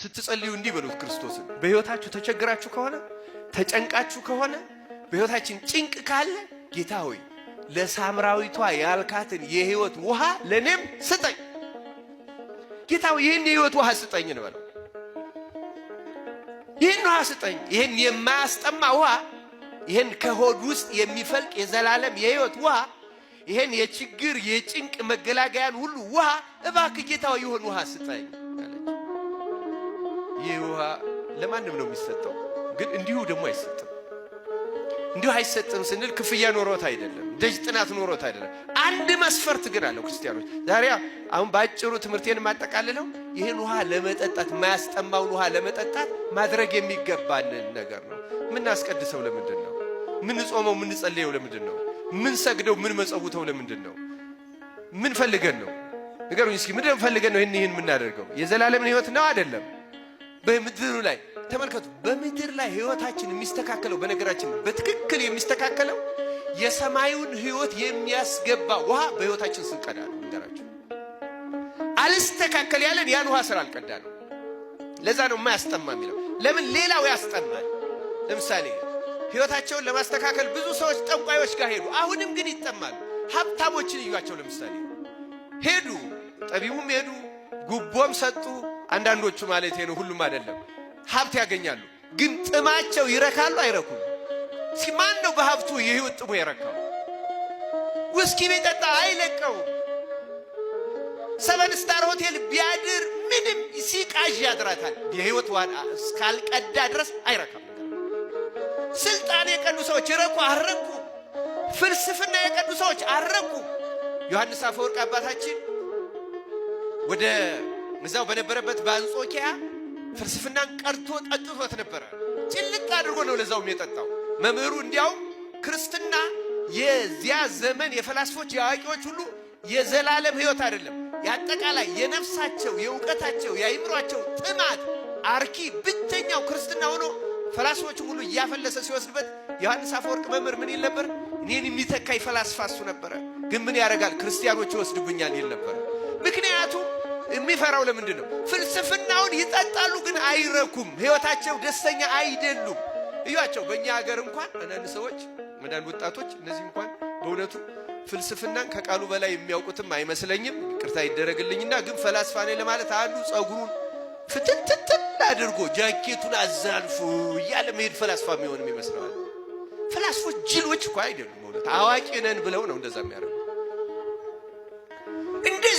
ስትጸልዩ እንዲህ በሉት ክርስቶስን። በሕይወታችሁ ተቸግራችሁ ከሆነ ተጨንቃችሁ ከሆነ በሕይወታችን ጭንቅ ካለ ጌታ ሆይ ለሳምራዊቷ ያልካትን የሕይወት ውሃ ለእኔም ስጠኝ። ጌታ ሆይ ይህን የሕይወት ውሃ ስጠኝ እንበለው። ይህን ውሃ ስጠኝ፣ ይህን የማያስጠማ ውሃ፣ ይህን ከሆድ ውስጥ የሚፈልቅ የዘላለም የሕይወት ውሃ ይህን የችግር የጭንቅ መገላገያን ሁሉ ውሃ እባክ ጌታ ይሆን ውሃ ስጠኝ። ይህ ውሃ ለማንም ነው የሚሰጠው፣ ግን እንዲሁ ደግሞ አይሰጥም። እንዲሁ አይሰጥም ስንል ክፍያ ኖሮት አይደለም፣ ደጅ ጥናት ኖሮት አይደለም። አንድ መስፈርት ግን አለው። ክርስቲያኖች ዛሬ አሁን በአጭሩ ትምህርቴን የማጠቃልለው ይህን ውሃ ለመጠጣት የማያስጠማውን ውሃ ለመጠጣት ማድረግ የሚገባንን ነገር ነው። ምናስቀድሰው ለምንድን ነው? ምንጾመው ምንጸልየው ለምንድን ነው? ምንሰግደው ምን መጸውተው ለምንድን ነው? ምን ፈልገን ነው? ንገሩኝ እስኪ ምንድን ፈልገን ነው ይህን ይህን የምናደርገው? የዘላለምን ህይወት ነው አይደለም? በምድሩ ላይ ተመልከቱ። በምድር ላይ ህይወታችን የሚስተካከለው በነገራችን በትክክል የሚስተካከለው የሰማዩን ህይወት የሚያስገባ ውሃ በህይወታችን ስንቀዳ ነው። ነገራችሁ አልስተካከል ያለን ያን ውሃ ስራ አልቀዳ ነው። ለዛ ነው የማያስጠማ የሚለው። ለምን ሌላው ያስጠማል። ለምሳሌ ህይወታቸውን ለማስተካከል ብዙ ሰዎች ጠንቋዮች ጋር ሄዱ። አሁንም ግን ይጠማሉ። ሀብታሞችን እዩዋቸው። ለምሳሌ ሄዱ፣ ጠቢቡም ሄዱ፣ ጉቦም ሰጡ አንዳንዶቹ ማለት ነው፣ ሁሉም አይደለም። ሀብት ያገኛሉ፣ ግን ጥማቸው ይረካሉ አይረኩም? ማን ነው በሀብቱ የህይወት ጥሙ የረካው? ውስኪ ቢጠጣ አይለቀው፣ ሰበን ስታር ሆቴል ቢያድር ምንም ሲቃዥ ያድራታል። የህይወት ዋዳ እስካልቀዳ ድረስ አይረካም። ስልጣን የቀዱ ሰዎች ይረኩ አረኩ። ፍልስፍና የቀዱ ሰዎች አረኩ። ዮሐንስ አፈወርቅ አባታችን ወደ እዛው በነበረበት በአንጾኪያ ፍልስፍናን ቀርቶ ጠጥቶት ነበረ። ጭልቅ አድርጎ ነው ለዛውም የጠጣው መምህሩ። እንዲያውም ክርስትና የዚያ ዘመን የፈላስፎች የአዋቂዎች ሁሉ የዘላለም ሕይወት አይደለም። የአጠቃላይ የነፍሳቸው የእውቀታቸው የአይምሯቸው ጥማት አርኪ ብቸኛው ክርስትና ሆኖ ፈላስፎች ሁሉ እያፈለሰ ሲወስድበት ዮሐንስ አፈወርቅ መምህር ምን ይል ነበር? እኔን የሚተካኝ ፈላስፋ እሱ ነበረ፣ ግን ምን ያደርጋል ክርስቲያኖች ይወስድብኛል ይል ምክንያቱም የሚፈራው ለምንድን ነው? ፍልስፍናውን ይጠጣሉ፣ ግን አይረኩም። ህይወታቸው ደስተኛ አይደሉም። እያቸው በእኛ ሀገር እንኳን አንዳንድ ሰዎች አንዳንድ ወጣቶች እነዚህ እንኳን በእውነቱ ፍልስፍናን ከቃሉ በላይ የሚያውቁትም አይመስለኝም። ቅርታ ይደረግልኝና ግን ፈላስፋ ነኝ ለማለት አንዱ ጸጉሩን ፍትትትን አድርጎ ጃኬቱን አዛልፉ እያለ መሄድ ፈላስፋ የሚሆንም ይመስለዋል። ፈላስፎች ጅሎች እኮ አይደሉም። እውነት አዋቂ ነን ብለው ነው እንደዛ የሚያደርጉ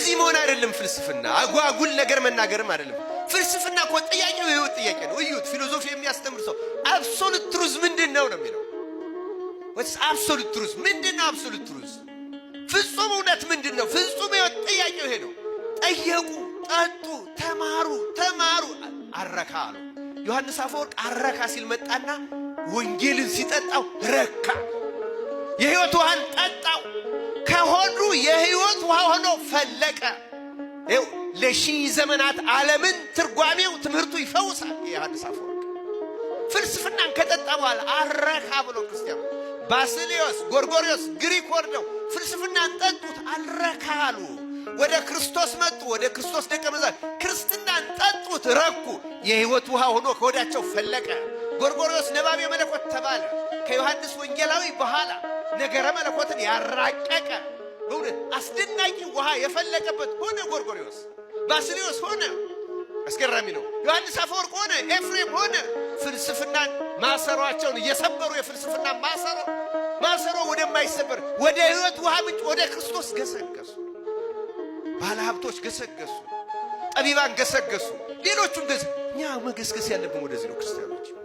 እንደዚህ መሆን አይደለም ፍልስፍና። አጓጉል ነገር መናገርም አይደለም ፍልስፍና። እኮ ጥያቄ ነው፣ የህይወት ጥያቄ ነው። እዩት፣ ፊሎሶፊ የሚያስተምር ሰው አብሶሉት ትሩዝ ምንድን ነው ነው የሚለው። ወይስ አብሶሉት ትሩዝ ምንድን ነው? አብሶሉት ትሩዝ ፍጹም እውነት ምንድን ነው? ፍጹም ህይወት ጥያቄው ይሄ ነው። ጠየቁ፣ ጠጡ፣ ተማሩ፣ ተማሩ አረካ አሉ። ዮሐንስ አፈወርቅ አረካ ሲል መጣና ወንጌልን ሲጠጣው ረካ፣ የህይወት ውሃን ጠጣው። ከሆዱ የሕይወት ውሃ ሆኖ ፈለቀ። ለሺህ ዘመናት ዓለምን ትርጓሜው ትምህርቱ ይፈውሳል። የዮሐንስ አፈወርቅ ፍልስፍናን ከጠጣ በኋላ አረካ ብሎ ክርስቲያኑ ባስሊዮስ ጎርጎሪዮስ ግሪክ ወርደው ፍልስፍናን ጠጡት፣ አልረካ አሉ። ወደ ክርስቶስ መጡ። ወደ ክርስቶስ ደቀ መዛሙርት ክርስትናን ጠጡት፣ ረኩ። የሕይወት ውሃ ሆኖ ከወዳቸው ፈለቀ። ጎርጎሪዎስ ነባቤ መለኮት ተባለ። ከዮሐንስ ወንጌላዊ በኋላ ነገረ መለኮትን ያራቀቀ አስደናቂ ውሃ የፈለቀበት ሆነ ጎርጎሪዎስ፣ ባስልዮስ ሆነ። አስገራሚ ነው። ዮሐንስ አፈወርቅ ሆነ፣ ኤፍሬም ሆነ። ፍልስፍናን ማሰሯቸውን እየሰበሩ የፍልስፍና ማሰሮ ማሰሮ ወደማይሰበር ወደ ሕይወት ውሃ ምንጭ ወደ ክርስቶስ ገሰገሱ። ሀብቶች ገሰገሱ፣ ጠቢባን ገሰገሱ፣ ሌሎቹም ገዝ እኛ መገስገስ ያለብን ወደዚህ ነው ክርስቲያኖች